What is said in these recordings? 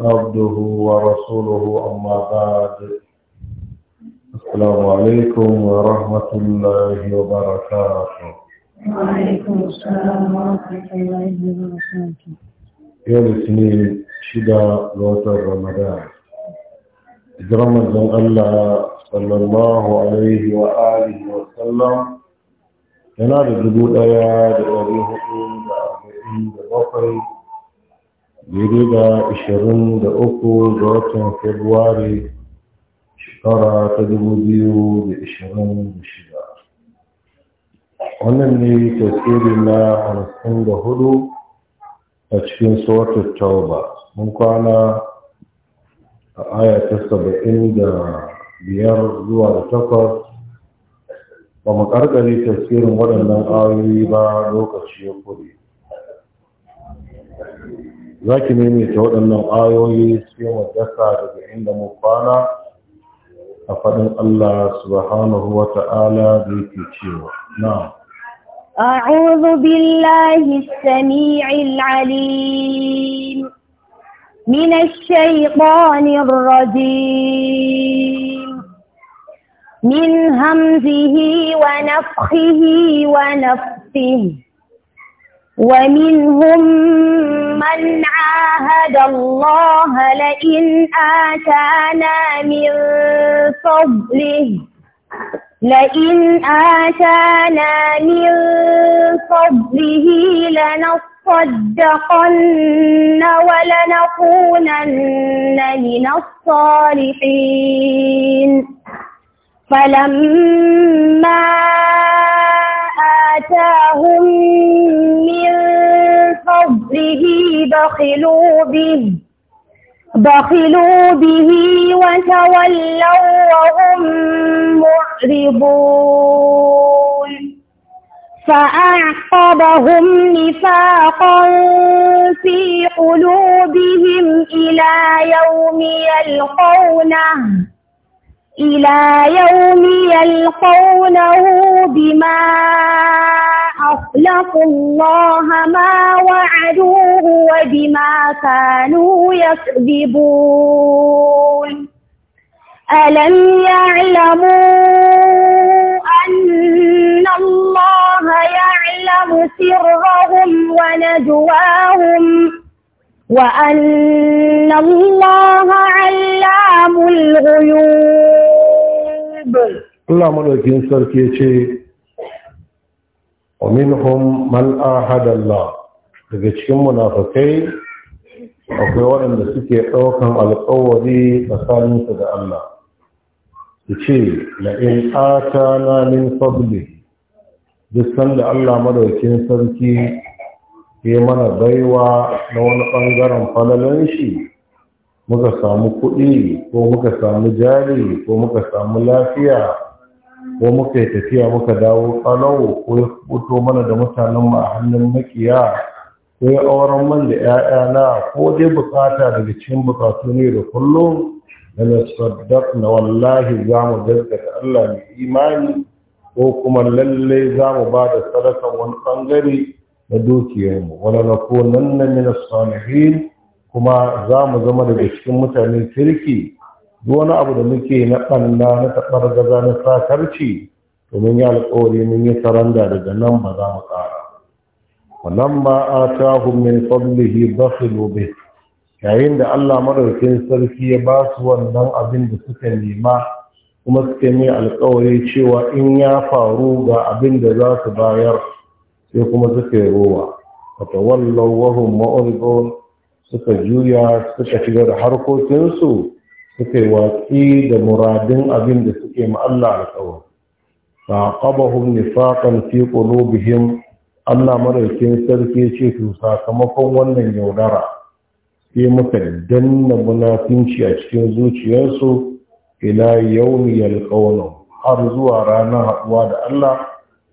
عبده ورسوله أما بعد السلام عليكم ورحمة الله وبركاته وعليكم السلام ورحمة الله وبركاته يا الاثنين شدة رمضان رمضان الله صلى الله عليه وآله وسلم yana da dubu ɗaya da ɗari hudu daidai da uku ga watan februari shekara ta 2026 wannan ne tasiri na da hudu a cikin sautar tauba mun kwana a aya ta biyar zuwa da takwas ba mu karkare tasirin waɗannan ayoyi ba lokaci ya kure za ki ta waɗannan ayoyi sai mu dasa daga inda mu kwana a faɗin Allah subhanahu wa ta'ala da yake cewa na'am أعوذ بالله السميع العليم من الشيطان الرجيم من همزه ونفخه ونفثه ومنهم من عاهد الله لئن آتانا من فضله لئن آتانا من فضله لنصدقن ولنكونن من الصالحين فلما آتاهم من فضله دخلوا به بخلوا به وتولوا وهم معرضون فأعقبهم نفاقا في قلوبهم إلى يوم يلقونه إلى يوم يلقونه بما أخلفوا الله ما وعدوه وبما كانوا يكذبون ألم يعلموا أن الله يعلم سرهم ونجواهم وأن الله علام الغيوب اللهم لك ملوكين سركي wa minhum man ahada daga cikin munafikai akwai waɗanda suke ɗaukan alƙawari tsakaninsu da Allah su ce la in atana min fadli duk sanda Allah madaukin sarki ya mana baiwa na wani ɓangaren falalan shi muka samu kuɗi ko muka samu jari ko muka samu lafiya ko muka yi tafiya muka dawo tsalawo ko ya fito mana da mutanenmu a hannun makiya ko ya auren man da ‘ya'yana ko dai bukata daga cikin bukatu ne da kullum da na na wallahi za mu gaskata Allah mai imani ko kuma lalle za mu ba da sadakan wani ɓangare na dukiyarmu wala na ko nan na min kuma za mu zama daga cikin mutanen kirki wani abu da muke na ɓanna na taɓar gaza na sakarci domin ya alƙawari mun yi saranda daga nan ba za mu ƙara wannan ba a tahun min fadlihi su lobe yayin da Allah maɗaukin sarki ya ba su wannan abin da suka nema kuma suka yi alƙawari cewa in ya faru ga abin da za su bayar sai kuma suka yi rowa wallon wahun ma'urqun suka juya suka shiga da harkokinsu suke watsi da muradin abin da suke ma Allah alƙawar faqabahum nifaqan fi qulubihim Allah maraikin sarki ce to sakamakon wannan yaudara sai muka danna munafinci a cikin zuciyarsu ila yawmi yalqawna har zuwa ranar haɗuwa da Allah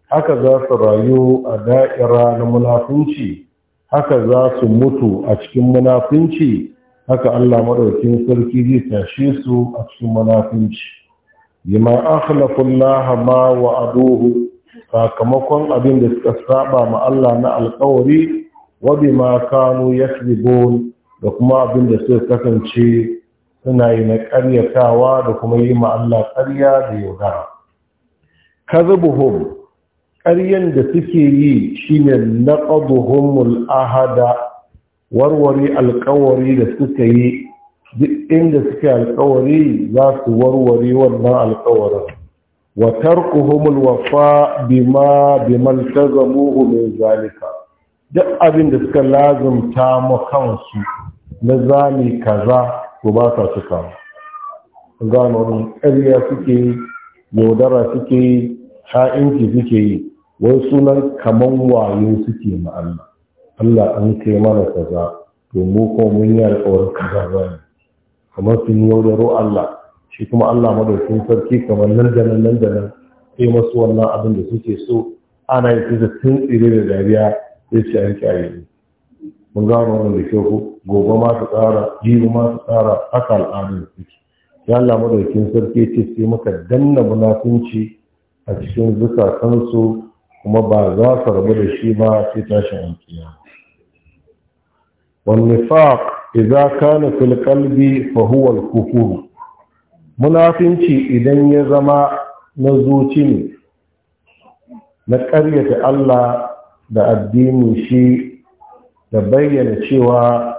haka za su rayu a da'ira na munafinci haka za su mutu a cikin munafinci haka Allah maɗaukin sarki zai tashe su a cikin munafunci bima akhlaqu Allah ma wa'aduhu sakamakon abin da suka saba ma Allah na alƙawari wa bima kanu yakzibun da kuma abin da suka kasance suna yi na ƙaryatawa da kuma yi ma Allah ƙarya da yaudara kazabuhum ƙaryan da suke yi shine naqaduhumul ahada warware alkawari da suka yi duk inda suka alkawari za su warware wannan alkawarin wa tarkuhumul wafa bima biman tazamuhu min zalika duk abin da suka lazumta mu kansu na zali kaza to ba sa cika gano ƙarya suke yi yaudara suke yi ha'inci suke yi wai sunan kaman wayo suke ma Allah Allah an kai mana kaza to mu ko mun yi alƙawarin kaza ba ne kamar sun yaudaro Allah shi kuma Allah madaukin sarki kamar nan da nan da nan sai masu wannan abin da suke so ana yi da sun tsire da dariya sai su yanke a yi mun gano wannan da kyau gobe ma su tsara jibi ma su tsara haka al'adun suke ya Allah madaukin sarki ce sai muka danna munafunci a cikin zukatansu kuma ba za su rabu da shi ba sai tashin alƙiyama والنفاق إذا كان في القلب فهو الكفور منافنشي إذن يزما na karyata Allah da addini shi da bayyana cewa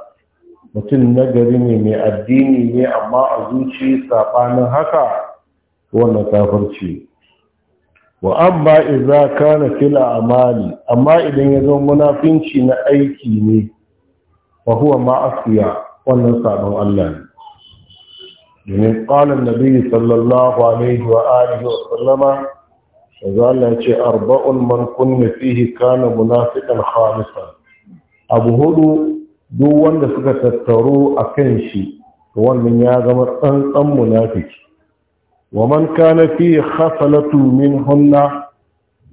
mutum nagari ne mai addini ne amma a zuci saɓanin haka wannan kafirci wa amma idza kana fil amali amma idan ya zama munafinci na aiki ne fa huwa ma'asiya wannan sabon Allah ne domin ƙalin nabi sallallahu alaihi wa alihi wa sallama da a ce arba'un man kunna fihi kana munafiqan khamisa abu hudu duk wanda suka tattaru a kan shi wannan ya zama tsantsan munafiki wa man kana fihi khasalatu min hunna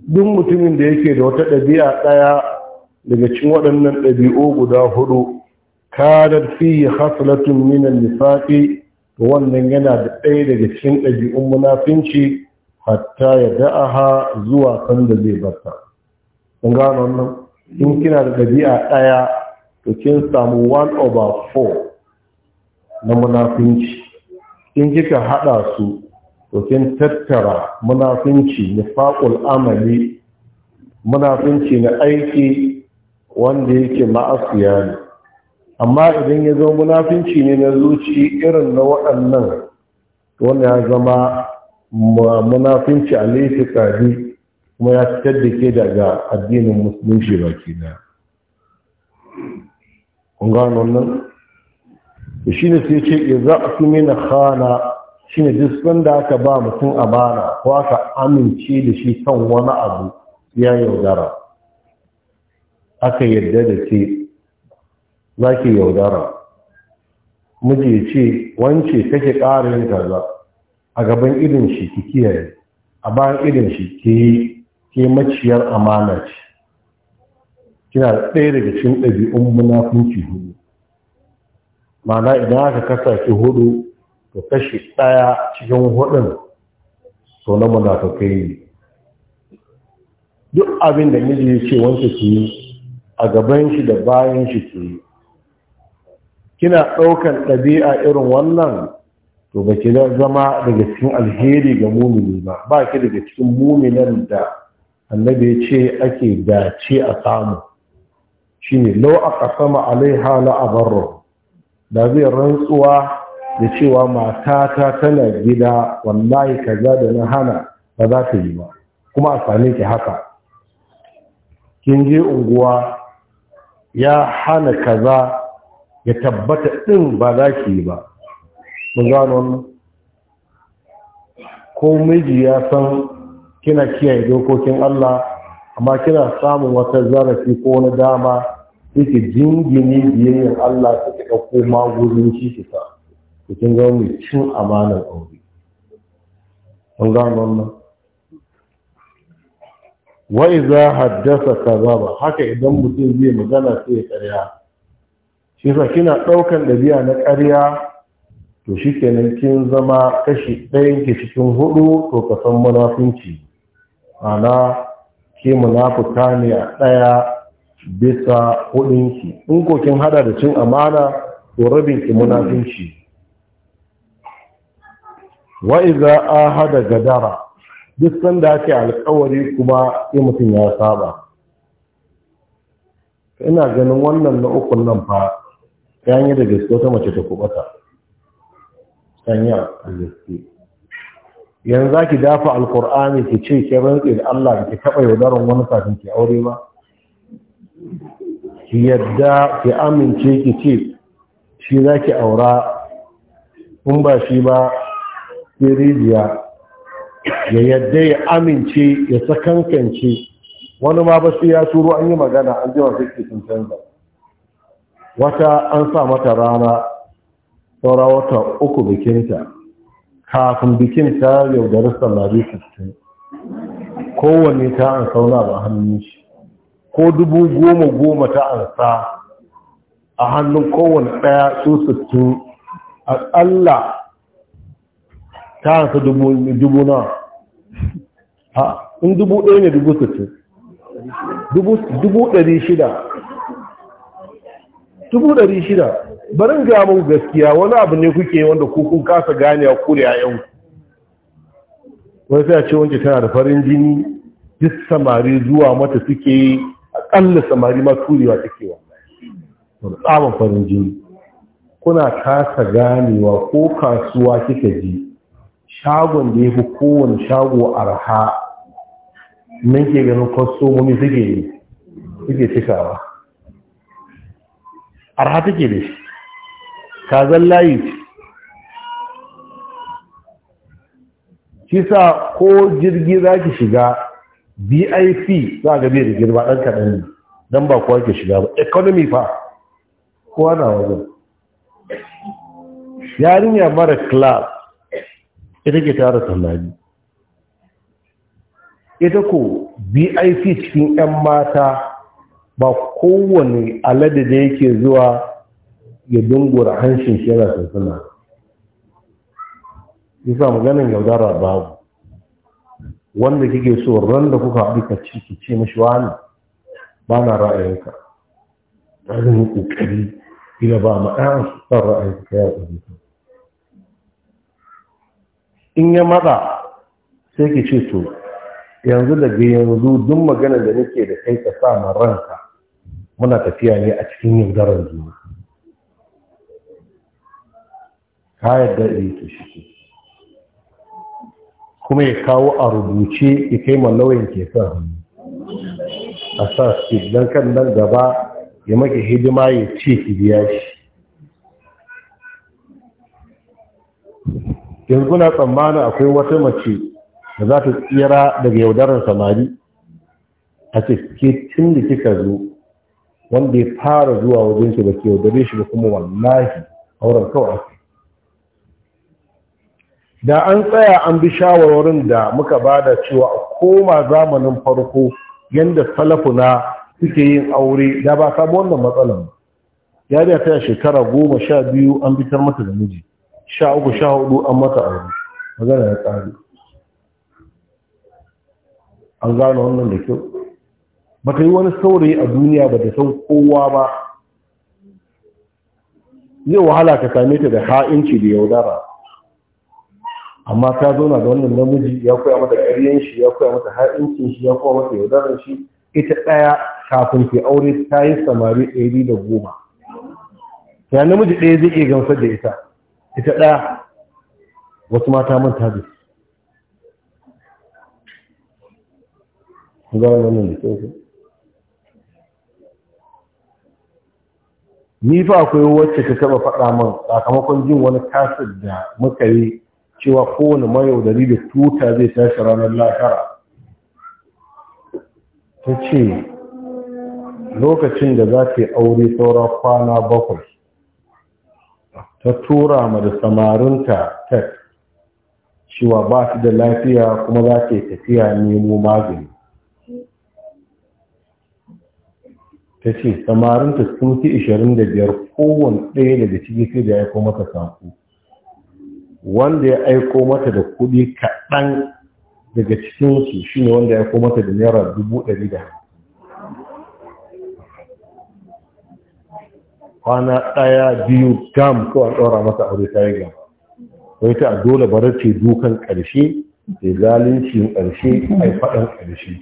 duk mutumin da yake da wata ɗabi'a ɗaya daga cikin waɗannan ɗabi'u guda hudu kadar fiye haslatun minan nifaƙi wannan yana da ɗaya daga cikin ɗabi'un munafinci hatta ya da'aha zuwa sanda zai barta kun gano nan, in kina da ɗabi'a ɗaya to kin samu 1 over 4 na munafinci in kika haɗa su to kin tattara munafinci nifaƙul amali munafinci na aiki wanda yake ma'asiya ne amma idan ya zama munafinci ne na zuci irin na waɗannan wanda ya zama munafinci a ƙari kuma ya fitar da ke daga addinin musulunci ba ke da ƙungan nan da shi ne sai ce ya za su mina khana shi ne jisun da aka ba mutum amana ko aka amince da shi kan wani abu ya yaudara aka yadda da ke za ki yaudara miji ya ce wance kake ƙara yin kaza a gaban irin shi ki kiyaye a bayan irin shi ke yi ke maciyar amana ce kina ɗaya daga cikin ɗabi'un munafunci hudu mana idan aka kasa ki hudu to kashe ɗaya cikin hudun to na munafukai ne duk abin da miji ya ce wanke ke yi a gaban shi da bayan shi ke yi kina ɗaukar ɗabi'a irin wannan to ba ki zama daga cikin alheri ga mumini ba ba ki daga cikin muminan da annabi ya ce ake dace a samu shine lau a sama alaiha la abarro da zai rantsuwa da cewa matata tana gida wallahi kaza da na hana ba za ta yi ba kuma a same ki haka kin je unguwa ya hana kaza ya tabbata ɗin ba za ki yi ba mun gano wannan ko miji ya san kina kiyaye dokokin Allah amma kina samun wata zarafi ko wani dama suke jingini biyayyar Allah suke ɗauko magurin shi su sa kin zama mai cin amanar aure Mun gano wannan wai za haddasa kaza haka idan mutum zai magana sai ya karya kisa kina ɗaukan ɗabi'a na ƙarya to shi kenan kin zama kashi ɗayan ke cikin hudu to ka san munafunci ana ke munafuka ne a ɗaya bisa hudunki in ko kin hada da cin amana to rabin ki munafunci wa iza ahada gadara duk sanda ake alkawari kuma sai mutum ya saba ina ganin wannan na ukun nan fa ta da gaske wata mace ta kubata sanya a gaske yanzu za ki dafa alkur'ani ki ce ki rantse da Allah da ki taɓa yaudaron wani kafin ki aure ba ki yadda ki amince ki ce shi za ki aura in ba shi ba sai rijiya ya yadda ya amince ya sakankance wani ma ba sai ya turo an yi magana an ji wasu ke sun canza wata an sa mata rana saura wata uku bikinta kafin bikin ta yaudari samari 60 kowane ta an sauna ba hannun shi ko dubu goma goma ta an sa a hannun kowane ɗaya su 60 tsalla ta sa dubu na in dubu ɗaya ne dubu 60 dubu ɗari shida dubu ɗari shida barin ga mun gaskiya wani abu ne kuke wanda kukun kasa gane a kure a yau wani sai a ce wanke tana da farin jini duk samari zuwa mata suke yi aƙalla samari ma turewa take wa wani tsaban farin jini kuna kasa ganewa ko kasuwa kika ji shagon da ya fi kowane shago arha nan ke ganin kwastomomi suke yi suke cikawa arha take da shi kazan layi Kisa ko jirgi za ki shiga bip za ga bai da girma ɗan kaɗan ne don ba kowa ke shiga ba economy fa kowa na wajen yarinya mara class ita ke tara tunani ita ko bip cikin 'yan mata ba kowane alade da yake zuwa ya dungura hanshin shirar sassana sansana isa maganin yaudara babu wanda kike so ran da kuka haɗu ka ciki ce mashi wani ba na ra'ayinka ba zan yi ƙoƙari ila ba ma ɗan son ra'ayinka ya ƙoƙari in ya maɗa, sai ki ce to yanzu daga yanzu duk maganar da nake da kai ka sa ma ranka muna tafiya ne a cikin yaudarar juna ka yarda ta shi kuma ya kawo a rubuce ya kai mallawayin ke sa hannu a sa su don kan nan gaba ya maki hidima ya ce ki biya shi yanzu na tsammanin akwai wata mace da za ta tsira daga yaudarar samari a ce ke tun da kika zo wanda ya fara zuwa wajen shi da ke yaudare shi kuma wallahi auren kawai da an tsaya an bi shawarwarin da muka bada cewa a koma zamanin farko yadda salafuna suke yin aure da ba samu wannan matsalan biya ta shekara goma sha biyu an bitar mata da miji sha uku sha hudu an mata aure magana ya tsari an gano wannan da kyau ba ta yi wani saurayi a duniya ba da san kowa ba zai wahala ka same ta da ha'inci da yaudara amma ta zauna da wannan namiji ya koya mata ƙaryen shi ya koya mata ha'incin shi ya koya mata yaudaran shi ita ɗaya kafin ke aure ta yi samari ɗari da goma ya namiji ɗaya zai iya gamsar da ita ita ɗaya wasu mata manta da su gano nan da kyau ni fa akwai wacce ka taba faɗa min sakamakon jin wani kasir da muka yi cewa kowane mayaudari da tuta zai tashi ranar lahara ta ce lokacin da za ta yi aure saura kwana bakwai ta tura ma da samarinta tek cewa ba su da lafiya kuma za ta yi tafiya nemo magani ta ce samarinta sun fi ishirin biyar kowane ɗaya daga ciki sai da ya aiko mata saƙo wanda ya aiko mata da kuɗi kaɗan daga su shi ne wanda ya aiko mata da naira dubu ɗari da kwana ɗaya biyu gam kawai ɗora mata aure ta yi gaba wai ta dole bari ce dukan ƙarshe da zalunci ƙarshe a faɗan ƙarshe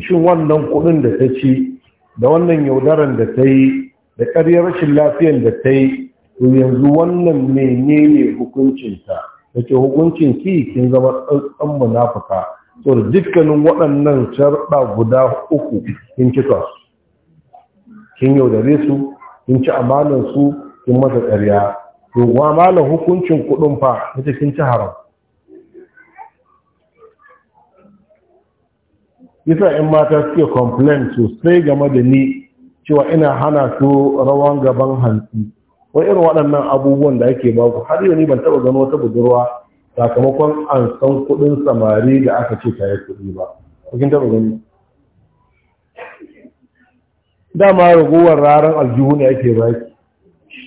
shin wannan kuɗin da ta ci da wannan yaudaran da ta yi da ƙaryar rashin lafiyar da ta yi to yanzu wannan menene hukuncinta da ke hukuncin ki kin zama tsantsan munafuka to da dukkanin waɗannan sharɗa guda uku kin cika su kin yaudare su kin ci amanan su kin masa ƙarya to wa malam hukuncin kuɗin fa kace kin ci haram yasa in mata suke complain sosai game da ni cewa ina hana su rawan gaban hantsi ko irin waɗannan abubuwan da ake ba ku har yau ni ban taɓa gano wata budurwa sakamakon an san kuɗin samari da aka ce ta yi kuɗi ba kin taɓa gani dama ragowar raran aljihu ne ake ba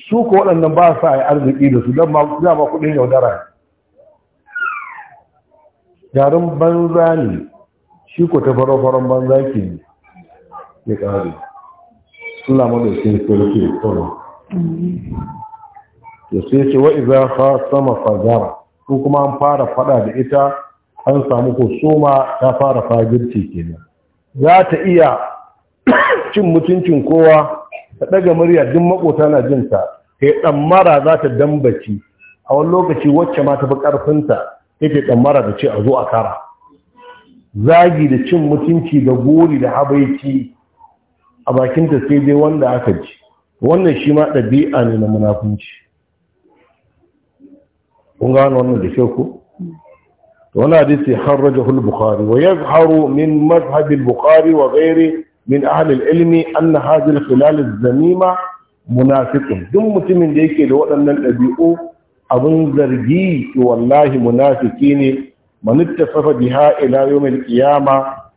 su ko waɗannan ba sa yi arziki da su don ma za kuɗin yaudara garin banza ne shi ko ta faro-faron banza ke ne ya ƙari suna madaukin sarki tsoro ya sai ce wa iza fa sama fajara ko kuma an fara fada da ita an samu ko soma ta fara fagirci kenan za ta iya cin mutuncin kowa ta ɗaga murya duk makota na jin ta yi ɗammara za ta dambaci a wani lokaci wacce ma ta fi ƙarfinta ya ke ɗammara da ce a zo a kara zagi da cin mutunci da gori da habaici a bakinta sai dai wanda aka ji. wannan shi ma ɗabi'a ne na munafunci kun gano wannan da kyau ko wani hadisi harraja hul bukari wa yazharu min mazhabin bukari wa gairi min ahlil ilmi anna hadhihi filalin zamima munafikin. duk mutumin da yake da waɗannan ɗabi'u abin zargi wallahi munafiki ne manitta safa biha ila yawmil qiyama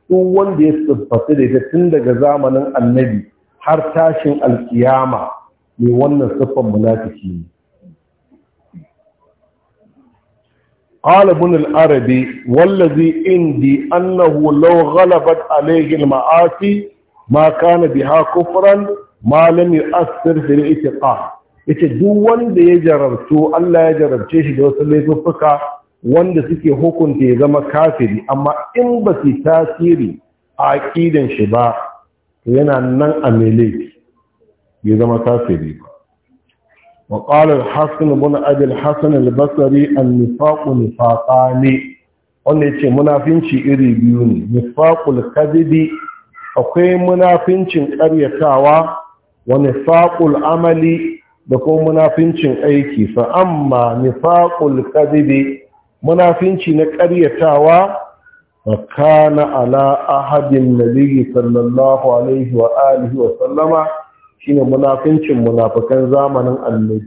duk wanda ya tsafface da ita tun daga zamanin annabi har tashin alkiyama ne wannan siffar munafiki ne قال ابن العربي والذي عندي أنه لو غلبت عليه المعاصي ما كان بها كفرا ما لم يؤثر في الاعتقاد yace duk wanda ya jarabtu Allah ya jarabce shi da wasu laifuka wanda suke hukunta ya zama kafiri amma in ba su tasiri a ƙidan shi ba to yana nan a mele ya zama kafiri ba bin الحسن hasan albasari an البصري النفاق ne, wanda ce munafinci iri biyu ne nifaqul kadhibi akwai munafincin ƙaryatawa wa nifaqul amali da kuma munafincin aiki fa amma nifaqul kadhibi munafinci na ƙaryatawa wa kana ala ahadin nabiyyi sallallahu alaihi wa alihi wa sallama shine munafincin munafikan zamanin annabi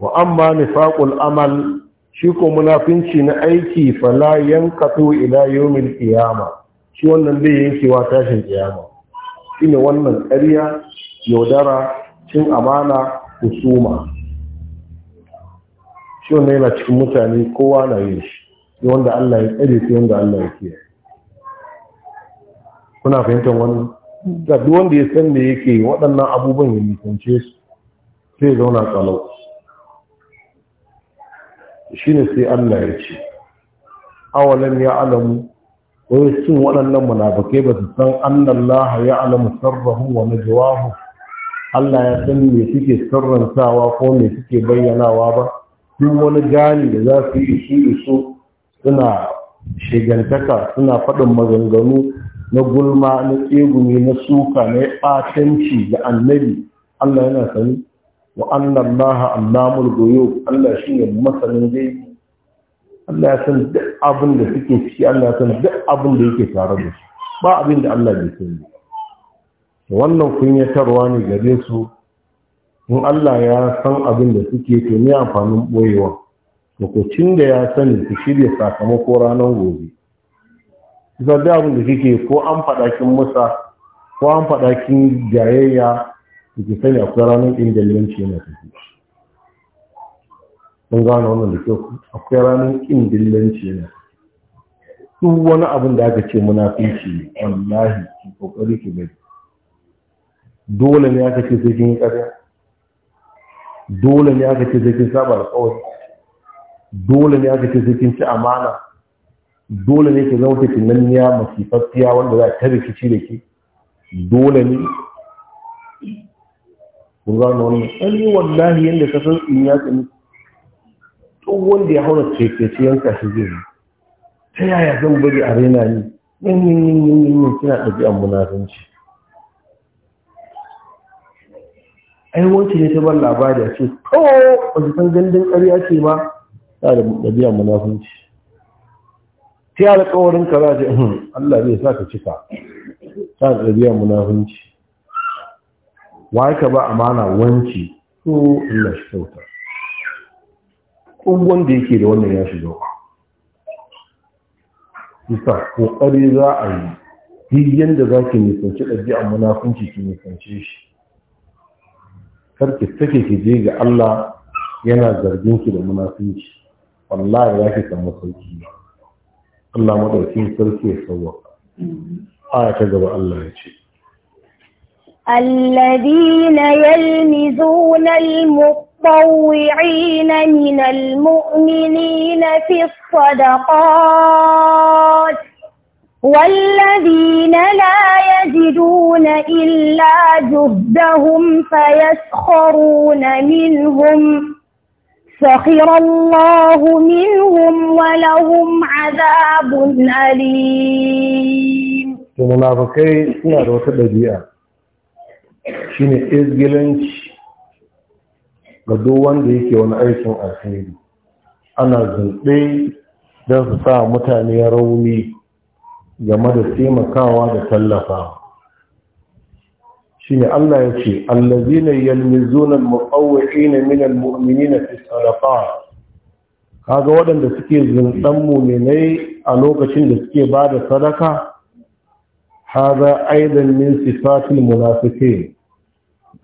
wa amma nifaqul amal shi ko munafinci na aiki fala yanqatu ila yawmil qiyama shi wannan bai yanke wa tashin qiyama shine wannan ƙarya yaudara cin amana husuma shi wannan yana cikin mutane kowa na yin shi sai wanda Allah ya tsare sai wanda Allah ya kiyaye kuna fahimtar wannan da duk wanda ya san da yake waɗannan abubuwan ya nisance su sai zauna tsalau shi ne sai Allah ya ce awalan ya alamu wai sun waɗannan munafakai ba su san annallaha ya alamu sarrahu wa najwahu Allah ya san me suke sarrantawa ko me suke bayyanawa ba duk wani gani da za su yi shi su suna shigantaka suna faɗin maganganu na gulma na tsegumi na suka na ɓatanci da annabi Allah yana sani wa annan laha goyo Allah shi ne masanin zai Allah ya san duk abin da suke ciki Allah ya san duk abin da yake tare da su ba abin da Allah bai sani wannan kunyatarwa ne gare su in Allah ya san abin da suke to ne amfanin boyewa lokacin da ya sani ku shirya sakamako ranar gobe kusa da abin da kike ko an faɗa kin musa ko an faɗa kin jayayya da ke sani akwai ranar indalilanci yana tafi kun gano wannan da kyau akwai ranar indalilanci yana duk wani abin da aka ce munafici wallahi ki kokari ki bai dole ne aka ce sai kin yi ƙarya dole ne aka ce zikin saba alƙawari dole ne aka ce zikin ci amana dole ne ke zama mafi fafiya wanda za ta rikici da ke dole ne kun gano wannan an yi wallahi yadda ka san in ya tsini tun wanda ya haura cece yanka shi zai ta yaya zan bari a rena ni yin yin yin yin yin kina ɗabi'an munafunci aiwanci ne ta bar labari a ce kawo ba su san gandun ƙarya ce ba ta da ɗabi'a munafunci ta yi alƙawarin kara za ce hmm, Allah zai sa ka cika ta da ɗabi'a munafunci wa ka ba amana wanci to Allah shi kyauta ƙungon da yake da wannan ya shiga bisa ƙoƙari za a yi duk yadda za ki nisanci ɗabi'a munafunci ki nisanci shi karki sake ki je ga Allah yana zargin ki da munafinci wallahi ya ki samu sauki Allah madaukin sarki ya sauwaka aya ta gaba Allah ya ce الذين يلمزون المطوعين من المؤمنين في الصدقات والذين لا يجدون إلا جهدهم فيسخرون منهم سخر الله منهم ولهم عذاب أليم المنافقين سنة وقت بديئة شين إزجلنش قدو وان ديكي وان أيسون أخيري أنا زلبي دفتا متعني روني game da taimakawa da tallafawa Shin Allah ya ce allazina yalmizuna almuqawwi'ina min almu'minina fi sadaqat kaga waɗanda suke zuntan mu'minai a lokacin da suke ba da sadaka haza aidan min sifatil munafiqin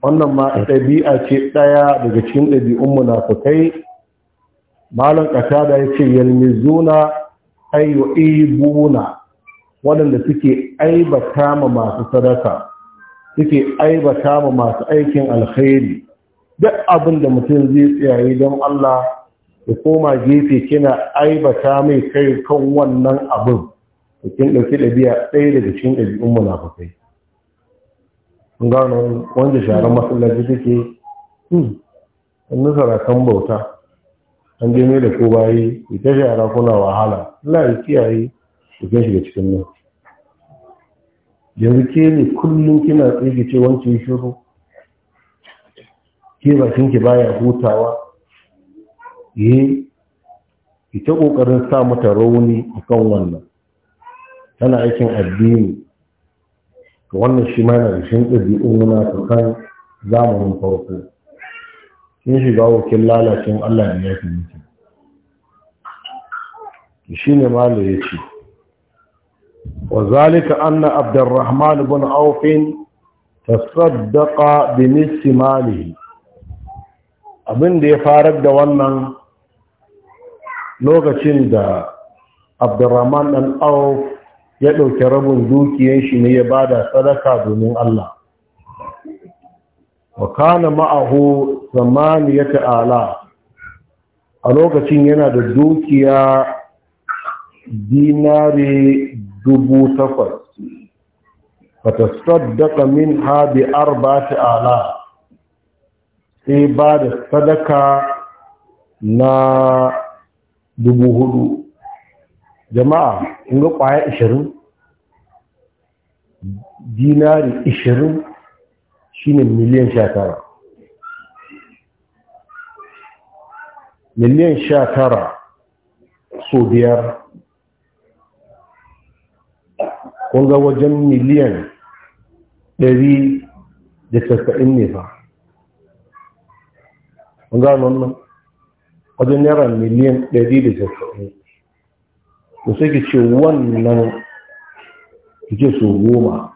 wannan ma ɗabi'a ce ɗaya daga cikin ɗabi'un munafikai malam ya yace yalmizuna ay yu'ibuna waɗanda suke aibata ma masu sadaka suke aibata ma masu aikin alkhairi duk abin da mutum zai tsayaye don Allah ya koma gefe kina aibata mai kai kan wannan abin da kin ɗauki ɗabi'a ɗaya daga cikin ɗabi'un munafukai kun gano wanda sharan masallaci take hmm an sarakan bauta an je da ko bayi ita shara kuna wahala Allah ya kiyaye shiga shiga cikin nan yanzu ke ne kullum kina tsige ce wancan shiru ke bakin ki baya hutawa yi eh, ita kokarin sa mata rauni akan wannan tana aikin addini ga wannan shi ma yana da shin ɗabi'un kan zamanin farko sun shiga wakil lalacin Allah da ya fi mutu. shi ne ya ce وذلك أن عبد Bin بن عوف تصدق بنصف ماله abin da ya farar da wannan lokacin da abdurrahman ɗan auf ya ɗauki rabin dukiyar shi ne ya ba da sadaka domin Allah wa kana ma'ahu zamani ya ta'ala a lokacin yana da dukiya dinari dubu takwas fata saddaka min ha bi arba ala sai ba da sadaka na dubu hudu jama'a in ga kwaya ashirin dinari ashirin shine miliyan sha tara miliyan sha tara so biyar kun ga wajen miliyan 190 ne fa kun ga wannan wajen naira miliyan 190 to sai ce wannan ke su goma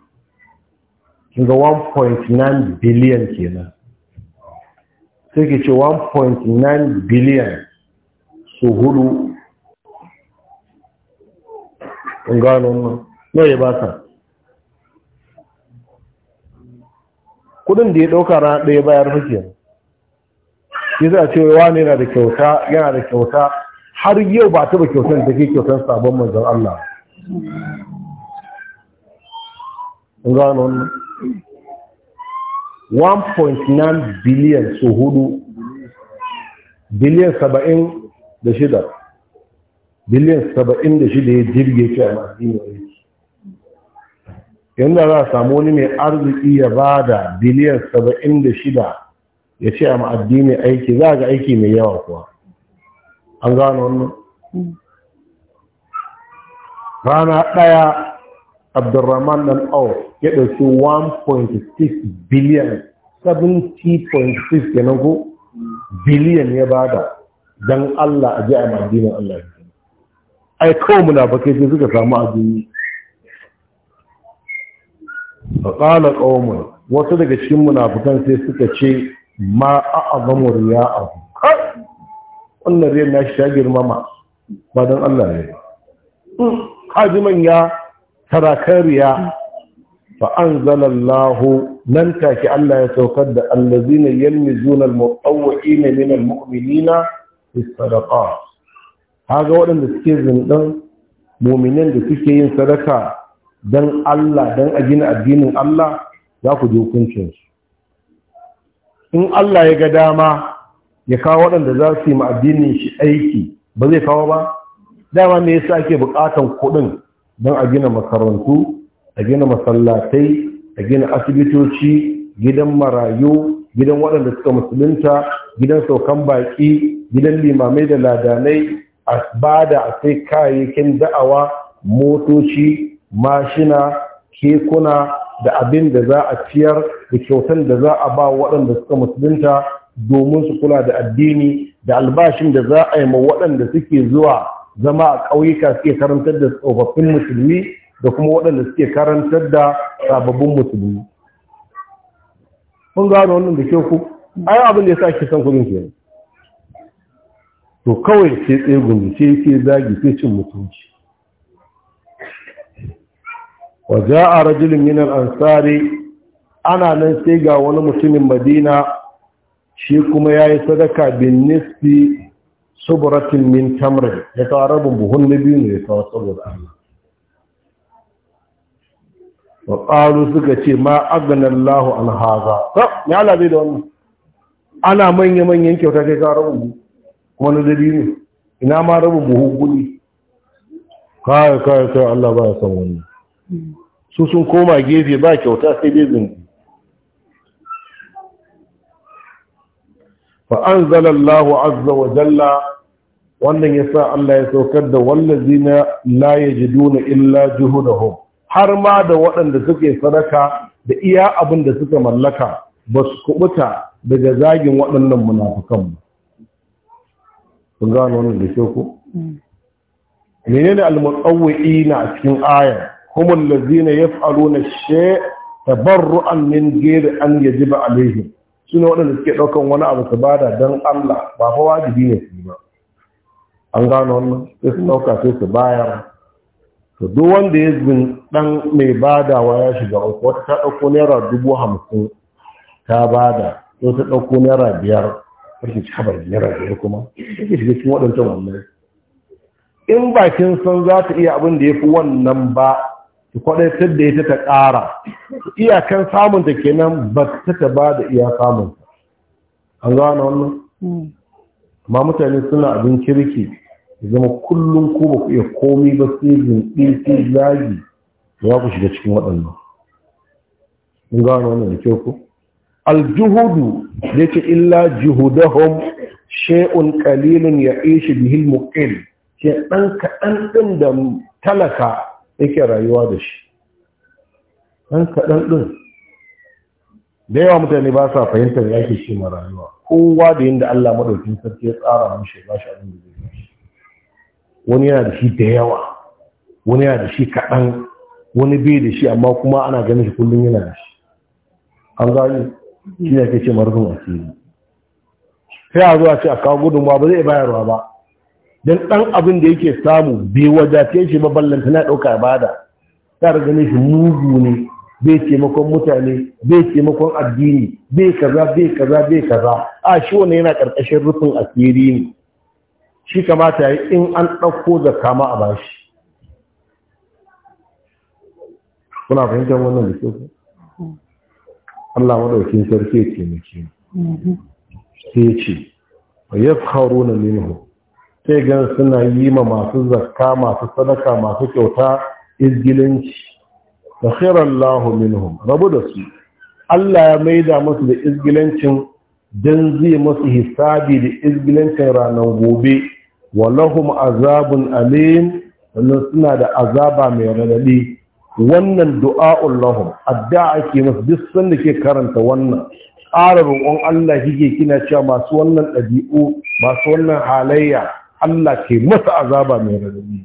kun ga 1.9 biliyan kenan sai ki ce 1.9 biliyan su hudu kun gano nan no ya ba ka kudin da ya ɗauka rana ɗaya bayar fakiyar shi za a ce wa ne yana da kyauta yana da kyauta har yau ba taɓa kyautar da ke kyautar sabon manzan Allah gano 1.9 biliyan su hudu biliyan saba'in da shida biliyan saba'in da shida ya jirge ce a masu yi yadda za a samu wani mai arziki ya ba da biliyan saba'in da shida ya ce a ma'addini aiki za ga aiki mai yawa kuwa an gano wannan rana ɗaya abdurrahman dan au ya ɗauki 1.6 biliyan 70.6 ya ko biliyan ya ba da don allah a ji a ma'addinin allah ai kawai munafakai sai suka samu a duniya fa qala wasu daga cikin munafukan sai suka ce ma a'azamu riya'ahu wannan riyan nashi ya girmama ba don Allah ne hajiman hmm, ya sarakan riya fa anzalallahu nan take Allah ya saukar da allazina yalmizuna almutawwi'ina min almu'minina fi haga waɗanda suke zindan muminan da suke yin sadaka don Allah don a gina addinin Allah za ku hukuncin su. in Allah ya ga dama ya kawo waɗanda za su yi ma addinin shi aiki ba zai kawo ba dama me yasa ake buƙatan kuɗin don a gina makarantu a gina masallatai a gina asibitoci gidan marayu gidan waɗanda suka musulunta gidan saukan baƙi gidan limamai da ladanai a bada a sai kayayyakin da'awa motoci mashina kekuna da abin da za a ciyar da kyautan da za a ba waɗanda suka musulunta domin su kula da addini da albashin da za a yi ma waɗanda suke zuwa zama a ƙauyuka suke karantar da tsofaffin musulmi da kuma waɗanda suke karantar da sababbin musulmi. Kun gano wannan da kyau ku? Ai abin da ya sa ke son kudin kenan. To kawai sai tsegumi sai sai zagi ke cin mutunci. wa a rajulun min ansari ana nan sai ga wani mutumin Madina shi kuma ya yi sadaka bin nisfi subratin min tamr ya kawo rabin buhun na biyu ne ya kawo saboda Allah wa qalu suka ce ma agna Allah an haza to me Allah zai da wannan ana manya manyan kyauta kai ka rabin kuma na dabi ne ina ma rabin buhun kudi kai kai kai Allah ba ya san wannan su sun koma gefe ba kyauta sai dai zungu fa Allah azza wa jalla wannan yasa Allah ya saukar da wallazina la yajiduna illa juhudahum har ma da waɗanda suke sadaka da iya abin da suka mallaka ba su kubuta daga zagin waɗannan munafukan ba kun gano wannan da shi ku mm. menene al-mutawwi'ina cikin ayar humul lazina yaf'aluna shay tabarru'an min ghairi an yajiba alaihim sune waɗanda suke daukan wani abu su bada dan Allah ba fa wajibi ne su ba an gano wannan sai su ɗauka sai su bayar to duk wanda ya zin dan mai badawa ya shiga uku wata ta dauko naira dubu hamsin ta bada ko ta dauko naira biyar rashin shabar naira biyar kuma take shiga cikin waɗancan wannan in bakin san za ta iya abin da ya fi wannan ba kwadai kwadaitar da ita ta ƙara iyakan samunta kenan ba ta ta ba da iya samunta an gano wannan hmm. ma mutane suna abin kirki zama kullum ko ba ku iya komi ba sai zinɗi sai zagi za ku shiga cikin waɗannan mun gano wannan da kyau ku aljuhudu da ce illa juhudahum She'un kalilun ya ishi bihil muqil ke ɗan kaɗan ɗin da talaka yake rayuwa da shi ɗan kaɗan ɗin da yawa mutane ba sa fahimtar ke ake ce rayuwa kowa da yin da Allah maɗaukin sarki ya tsara mashi ba shi abin da zai bashi wani yana da shi da yawa wani yana da shi kaɗan wani bai da shi amma kuma ana ganin shi kullum yana da shi an gani shi ne ake ce marufin asiri sai a zuwa ce a kawo gudunmawa ba zai bayarwa ba don ɗan abin da yake samu bai wajace shi ba ballanta na ɗauka bada ta riga ne shi mugu ne bai taimakon mutane bai taimakon addini bai kaza bai kaza bai kaza a shi wani yana ƙarƙashin rufin asiri ne shi kamata yi in an ɗauko da kama a bashi kuna fahimtar wannan da ke Allah madaukin sarki ya taimake sai ya ce minhu sai gan suna yi ma masu zakka masu sadaka masu kyauta izgilinci da lahu minhum rabu da su Allah ya maida musu da izgilancin don zai musu hisabi da izgilancin ranar gobe wa lahum azabun alim sannan suna da azaba mai radadi wannan du'a'un lahum addu'a ake musu duk sanda ke karanta wannan tsara roƙon Allah kike kina cewa masu wannan ɗabi'u masu wannan halayya Allah ke masa azaba mai radadi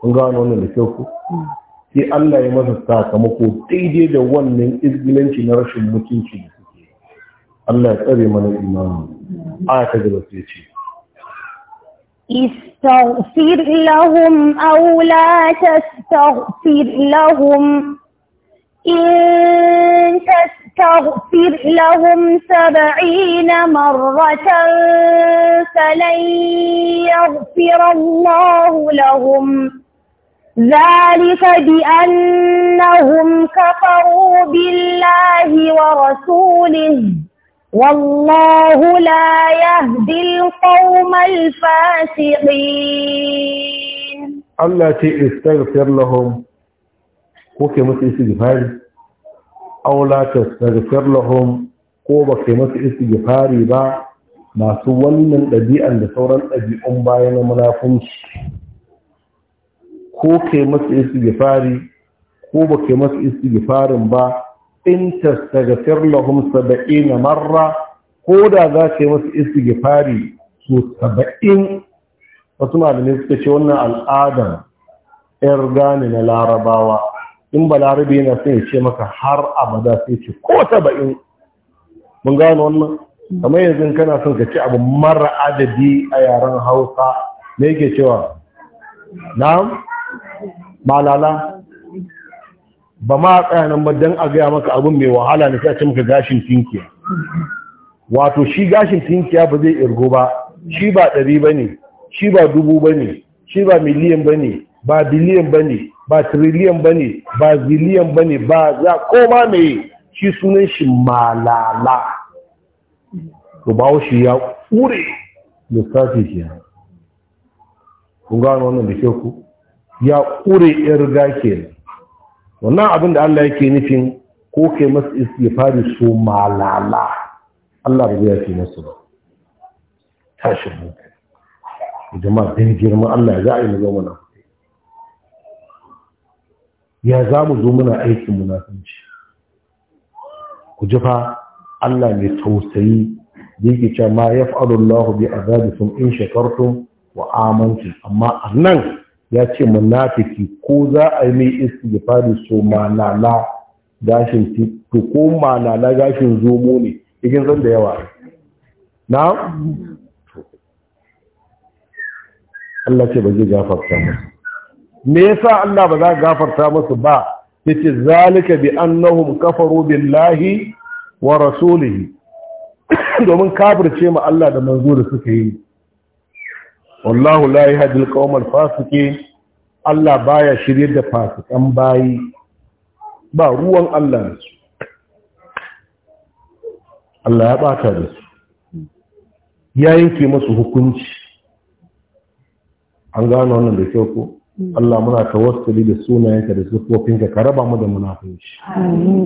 kun gano wannan da kyau ku sai Allah ya masa sakamako daidai da wannan izgilanci na rashin mutunci da suke Allah ya tsare mana imani a ka gaba sai ce استغفر لهم أو لا تستغفر لهم إن تستغفر تغفر لهم سبعين مرة فلن يغفر الله لهم ذلك بأنهم كفروا بالله ورسوله والله لا يهدي القوم الفاسقين التي استغفر لهم وكي مثل استغفاري aula tastaghfir lahum ko ba kai musu istighfari ba masu wannan ɗabi'an da sauran ɗabi'un baya na munafunci ko kai musu istighfari ko ba kai musu istighfarin ba in tastaghfir lahum 70 marra ko da za ka yi musu istighfari su 70 wasu malamai suka ce wannan al'adar 'yar gane na larabawa in balarabe yana sai ya ce maka har abada sai ce ko saba'in mun gano wannan kamar yanzu kana son ka ci abu mara adadi a yaren hausa me yake cewa na malala ba ma tsaya nan ba don a gaya maka abin mai wahala na sai maka gashin tinkiya wato shi gashin tinkiya ba zai irgo ba shi ba ɗari ba ne shi ba dubu ba ne shi ba miliyan ba ne ba biliyan ba ne ba tiriliyan ba ne ba ziliyan ba ne ba za koma mai shi sunan shi malala to bawo shi ya ƙure lissafi ya kun gano wannan da ku ya ƙure ya riga ke wannan abin da Allah yake nufin ko kai masu istifari su malala Allah ba zai masu ba tashi hankali jama'a din girman Allah ya za a yi na zama ya za mu zo muna aikin munafunci? ku ji fa Allah mai tausayi yake cewa ma yaf'alu Allahu bi azabikum in shakartum wa amantum amma annan ya ce munafiki ko za a yi mai istighfari so malala gashin to ko malala gashin zomo ne ikin zan da yawa na Allah ce ba zai gafarta masa me yasa Allah ba za ka gafarta musu ba yace zalika bi annahum kafaru billahi wa rasulihi domin kafirce ma Allah da manzo da suka yi wallahu la yahdi alqawm qawm Allah baya shirye da fasikan bayi ba ruwan Allah Allah ya bata da su ya yanke masu hukunci an gano wannan da kyau ko Mm. Allah muna tawassuli da sunayenka da sufofinka ka raba mu da munafunci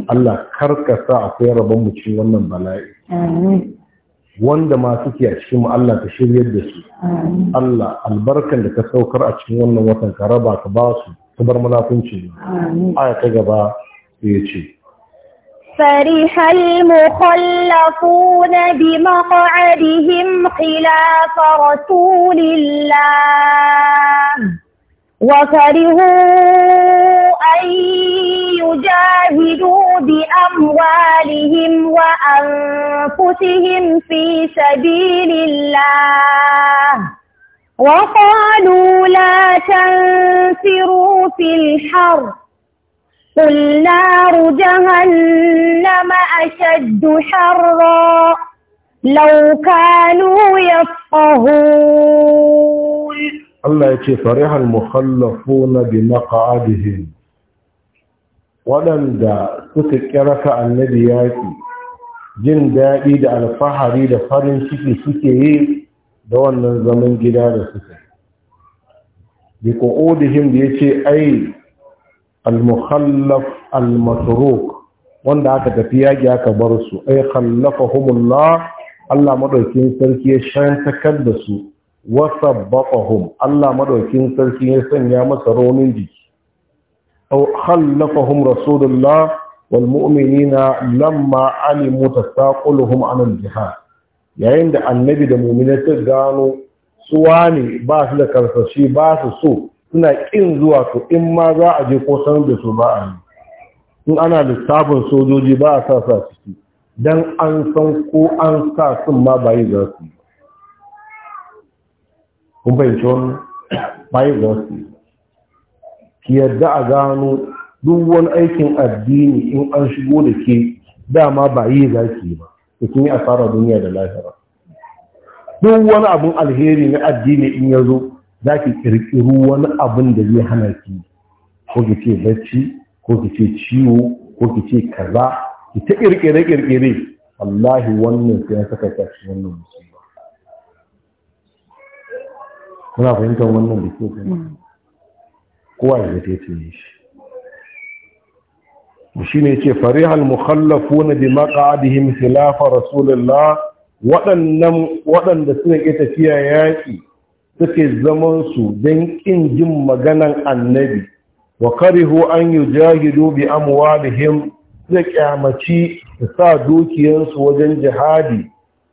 Allah sa akwai rabon mu cikin wannan bala'i wanda ma suke a cikin mu Allah ka shiryar da su Allah albarkan da ka saukar a cikin wannan watan ka raba ka ba su ka bar munafunci aya ta gaba sai ya ce فرح المخلفون بمقعدهم خلاف رسول الله وكرهوا أن يجاهدوا بأموالهم وأنفسهم في سبيل الله وقالوا لا تنفروا في الحر قل نار جهنم أشد حرا لو كانوا يفقهون Allah ya ce farihal na bi maq'adihim waɗanda suka kiraka annabi yaƙi jin daɗi da alfahari da farin ciki suke yi da wannan zaman gida da suke bi qu'udihim da yace ai al-mukhallaf al wanda aka tafi yaƙi aka bar su ai khallafahumullah Allah madaukin sarki ya shantakar da su wasabbaqahum Allah maɗaukin sarki ya sanya masa raunin jiki aw khallafahum rasulullah wal na lamma alimu tasaquluhum an al jihad yayin da annabi da muminai ta gano suwa ne ba su da karsashi ba su so suna ƙin zuwa to in ma za a je ko san da su ba a yi in ana lissafin sojoji ba a sa sa ciki dan an san ko an sa sun ma bayi za su yi kun fahimci wani bayan ki yadda a gano duk wani aikin addini in an shigo da ke dama ba yi za ki ba da kin yi asara duniya da lahira duk wani abin alheri na addini in ya zo za ki kirkiru wani abin da zai hana ki ko ki ce bacci ko ki ce ciwo ko ki ce kaza ki ta kirkire kirkire wallahi wannan sai ya saka kashi wannan musu kuna fahimtar wannan da ke kuma mm. kowa ya ce tuni shi shi ne ce farihal mukhallafu na bi maka khilafa rasulullah waɗannan waɗanda suna ke tafiya yaƙi suke zaman su don ƙin jin maganan annabi wa karihu an yujahidu bi amwalihim da kyamaci su sa dukiyansu wajen jihadi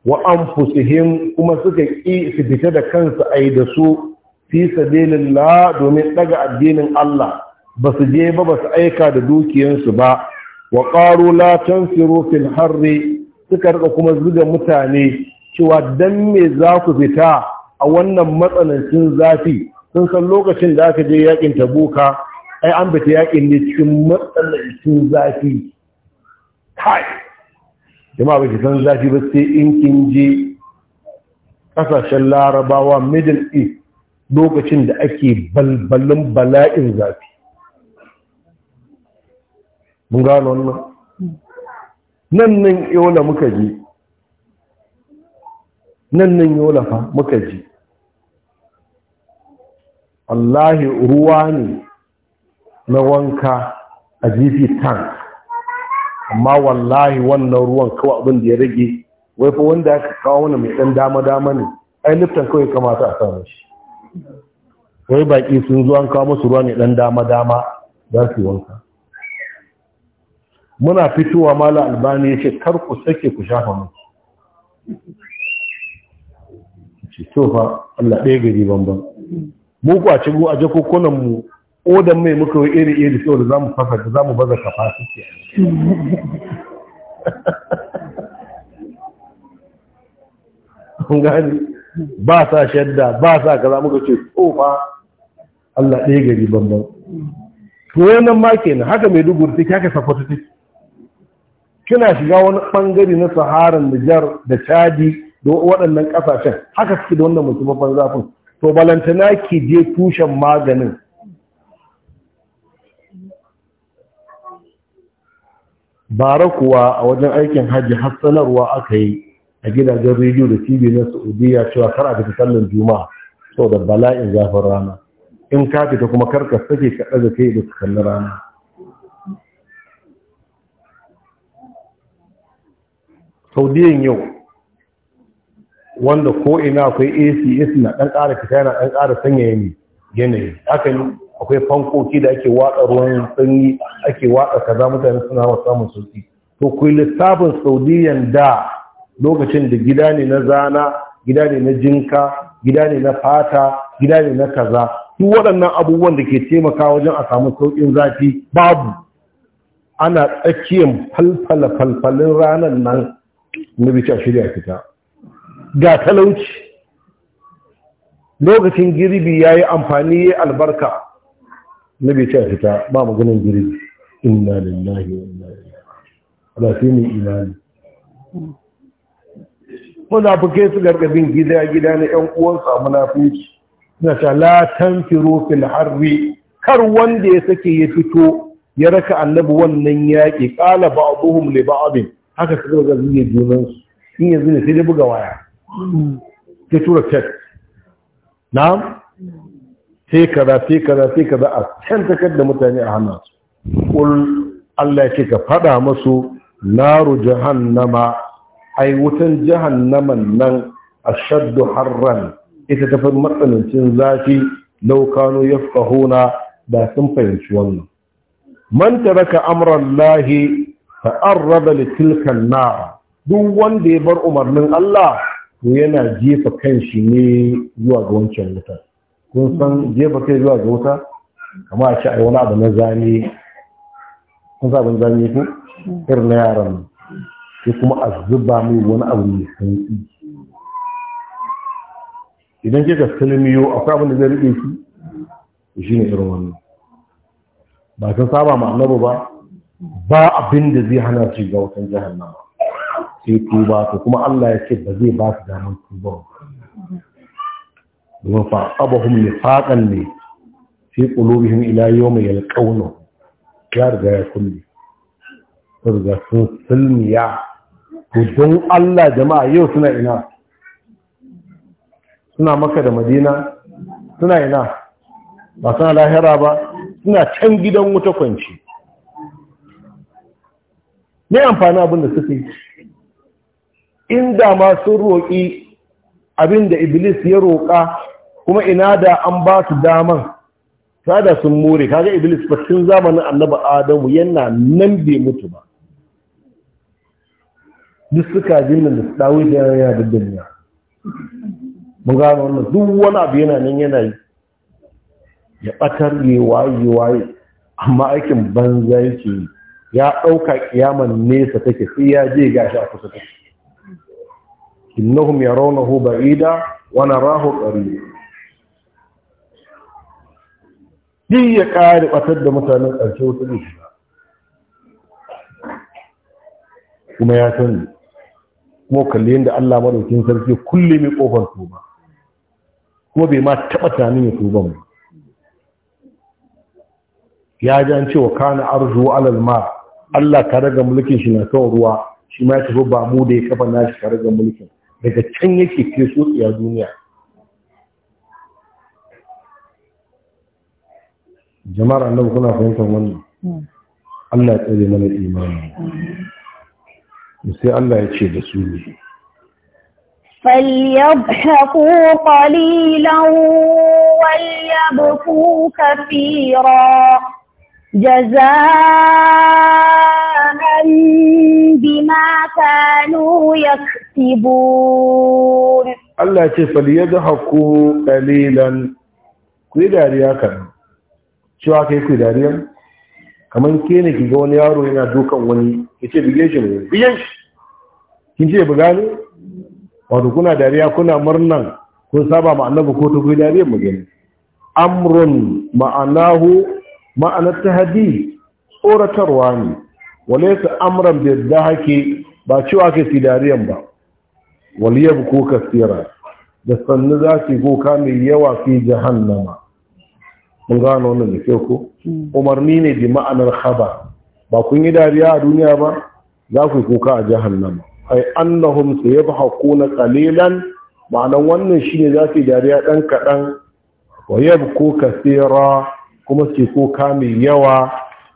wa anfusihim kuma suka ƙi su fita da kansu ai da su fi sabilillah domin ɗaga addinin Allah ba su je ba su aika da dukiyansu ba wa qalu la tansiru fil harri suka rika kuma zuga mutane cewa dan me za ku fita a wannan matsanancin zafi sun san lokacin da aka je yakin tabuka ai an fita yakin ne cikin matsanancin zafi jama'a ba ki san zafi ba sai in kin je kasashen larabawa middle east lokacin da ake balbalin bala'in zafi mun gano wannan nan nan yola muka je nan nan yola fa muka je wallahi ruwa ne na wanka a jifi tank amma wallahi wannan ruwan kawai abin da ya rage wai fa wanda aka kawo wani mai dan dama dama ne ai liftan kawai kamata a samu shi wai baki sun zo an kawo musu ruwa mai dan dama dama za su wanka muna fitowa mala albani ya ce kar ku sake ku shafa mu ce to fa Allah ɗaya gari banban mu ku a cikin a jakokunan mu odan mai muka yi iri iri so da zamu fasa da zamu baza kafa. kun gani ba sa shadda ba sa kaza muka ce tsofa Allah ɗaya gari bambam to wannan ma kenan haka mai dugur take kaka sakwata take kina shiga wani bangare na saharan Nijar da Chadi da waɗannan ƙasashen haka suke da wannan mutum zafin to balantana ki je tushen maganin bara kuwa a wajen aikin hajji hassanarwa aka yi a gidajen rediyo da tv na saudiya cewa kar a fita sallar juma'a saboda bala'in zafin rana in ka fita kuma ka sake ka ɗaga kai da su kalli rana saudiyan yau wanda ko ina akwai ac na ɗan ƙara fita yana ɗan ƙara sanyaya ne yanayi haka ne akwai fankoki da ake watsa ruwan sanyi ake watsa kaza mutane suna wa samun sauki to ku lissafin saudiyan da lokacin da gida ne na zana gida ne na jinka gida ne na fata gida ne na kaza duk waɗannan abubuwan da ke taimaka wajen a samu sauƙin zafi babu ana tsakiyar falfala falfalin ranar nan na a shirya fita ga talauci lokacin girbi ya yi amfani ya albarka nabi ce a fita ba maganin girbi inna lillahi wa inna ilaihi ba shi ne imani munafikai su garga gida gida na yan uwan a munafiki na ta la tanfiru fil harri kar wanda ya sake ya fito ya raka annabi wannan yaƙi qala ba'dhum li ba'd haka kaga ga zuwa junan su in yanzu ne sai da buga waya ke mm. tura text na'am sai kaza sai kaza sai kaza a cantakar da mutane a hana su ƙul Allah ce ka faɗa masu naru jahannama ai wutan jahannaman nan a shaddu harran ita ta fi matsanancin zafi laukano ya fahuna da sun fahimci wannan man taraka amran lahi ta'arrada li nar duk wanda ya bar umarnin Allah to yana jefa kanshi ne zuwa ga wancan wutar kun san jefa kai zuwa ga wuta kama a ci a wani abu na zane kun sabon abin zane ku irin na yaran Ko kuma a zuba mai wani abu mai sanyi idan kika silmiyo akwai abin da zai rike shi shi ne irin wannan ba kan saba ma annabu ba ba abin da zai hana shi ga wutan nama sai tuba ko kuma Allah ya ce ba zai ba su damar tuba ba wafa abahun ne faɗan ne fi ƙulobihin ilayo mai ya riga ya kulle su riga sun allah jama'a yau suna ina suna maka da madina suna ina ba suna lahira ba suna can gidan wuta kwanci ne amfani abinda suke ma masu roƙi abinda iblis ya roƙa kuma ina da an ba su daman sada sun more kaga iblis ba tun zamanin annabi adamu yana nan bai mutu ba duk suka nan da su dawo da yana da duniya mun gano wannan duk wani abu yana nan yana yi ya batar yi waye waye amma aikin banza yake ya ɗauka kiyaman nesa take sai ya je gashi a kusa take innahum yarawnahu ba'ida wa narahu qarib duk ya ƙari ɓatar da mutanen ƙarshe wata ne shiga kuma ya sani kuma kalli yadda Allah madaukin sarki kulle mai ƙofar tuba kuma bai ma taɓa tunanin ya tuba mu ya ji an cewa kana arzu alal ma Allah ka raga mulkin shi na kan ruwa shi ma ya tafi ba mu da ya kafa nashi ka raga mulkin daga can yake ke so duniya jama'ar annabi kuna fahimtar wannan Allah ya tsare mana imani sai Allah ya ce da su ne فليضحكوا قليلا وليبكوا كثيرا جزاء بما كانوا يكسبون الله يقول فليضحكوا قليلا كوي داريا كان cewa kai ku dariya kamar ke ne ki ga wani yaro yana dukan wani ya ce bige shi ne bige shi kin ce buga ne wato kuna dariya kuna murnan kun saba ma annabi ko ta kai dariya mu gani amrun ma'anahu ma'anar tahadi tsoratarwa ne walaisa amran bai da hake ba cewa ke fi dariyan ba waliyar ko kasira da sannu za ki goka mai yawa fi jahannama mun gano wannan da kyau ko hmm. umarni ne bi ma'anar khabar ba kun yi dariya a duniya ba za ku kuka a jahannama ai annahum sayabhaquna qalilan ma'anan wannan shine za su dariya dan kadan wa yabku kaseera kuma su kuka mai yawa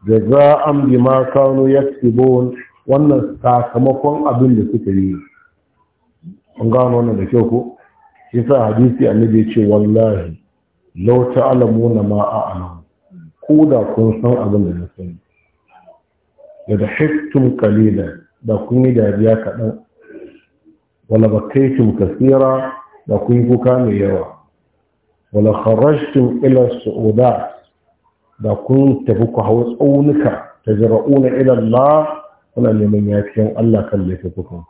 jaza'an bima kanu yaktubun wannan sakamakon abin da suka yi an gano wannan da kyau ko yasa hadisi annabi ya ce wallahi lau alamu na ma'a'alamu ko da kun san abin da na sani da da hiktun kalila da kun yi dariya kaɗan wala bakaitum kasira da kun yi kuka mai yawa wala kharajtum ila su'uda da kun tafi ku hau tsaunuka ta jira'una ila Allah kuna neman yafiyan Allah kan kuka?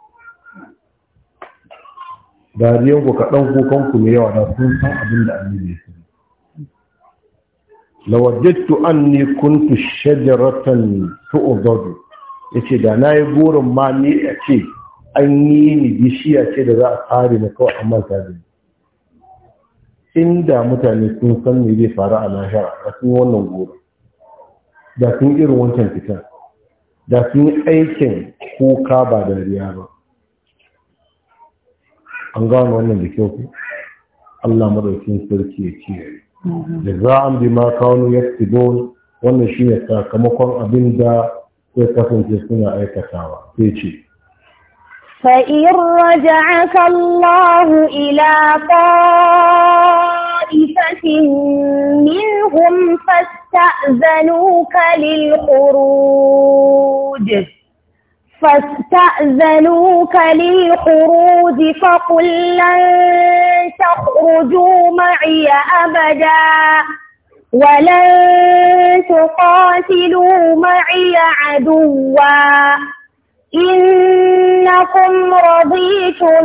dariyan ku kaɗan kukan ku mai yawa da kun san abin da annabi ya an anni kuntu shajaratan tu'dadu yace da nayi burin ma ni a ce an yi ni bishiya ce da za a kare na kawai amma ta da inda mutane sun san me zai faru a lahira a sun wannan goro da sun irin wancan fita, da sun yi aikin kuka ba dariya ba an gano wannan da kyau ku Allah madaukin sarki ya kiyaye jaza'an bima kanu yaktubun wannan shine sakamakon abin da ya kasance suna aikatawa sai ce فإن رجعك الله إلى طائفة منهم فاستأذنوك للخروج فاستأذنوك للخروج فقل لن تخرجوا معي أبدا ولن تقاتلوا معي عدوا إنكم رضيتم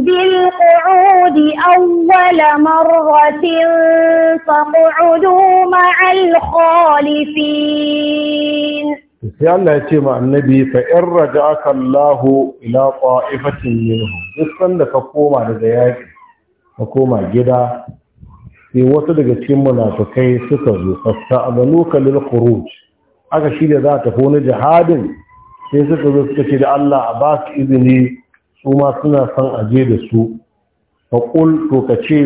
بالقعود أول مرة فاقعدوا مع الخالفين في الله يتيم النبي فإن رجعك الله إلى طائفة منهم جسدا قوم على ذياك na koma gida sai wasu daga cikin munafukai suka zo fasta amanu kalil khuruj aka shirya za ta wani jihadin sai suka zo suka ce da Allah a ba su izini su ma suna son aje da su fa qul to kace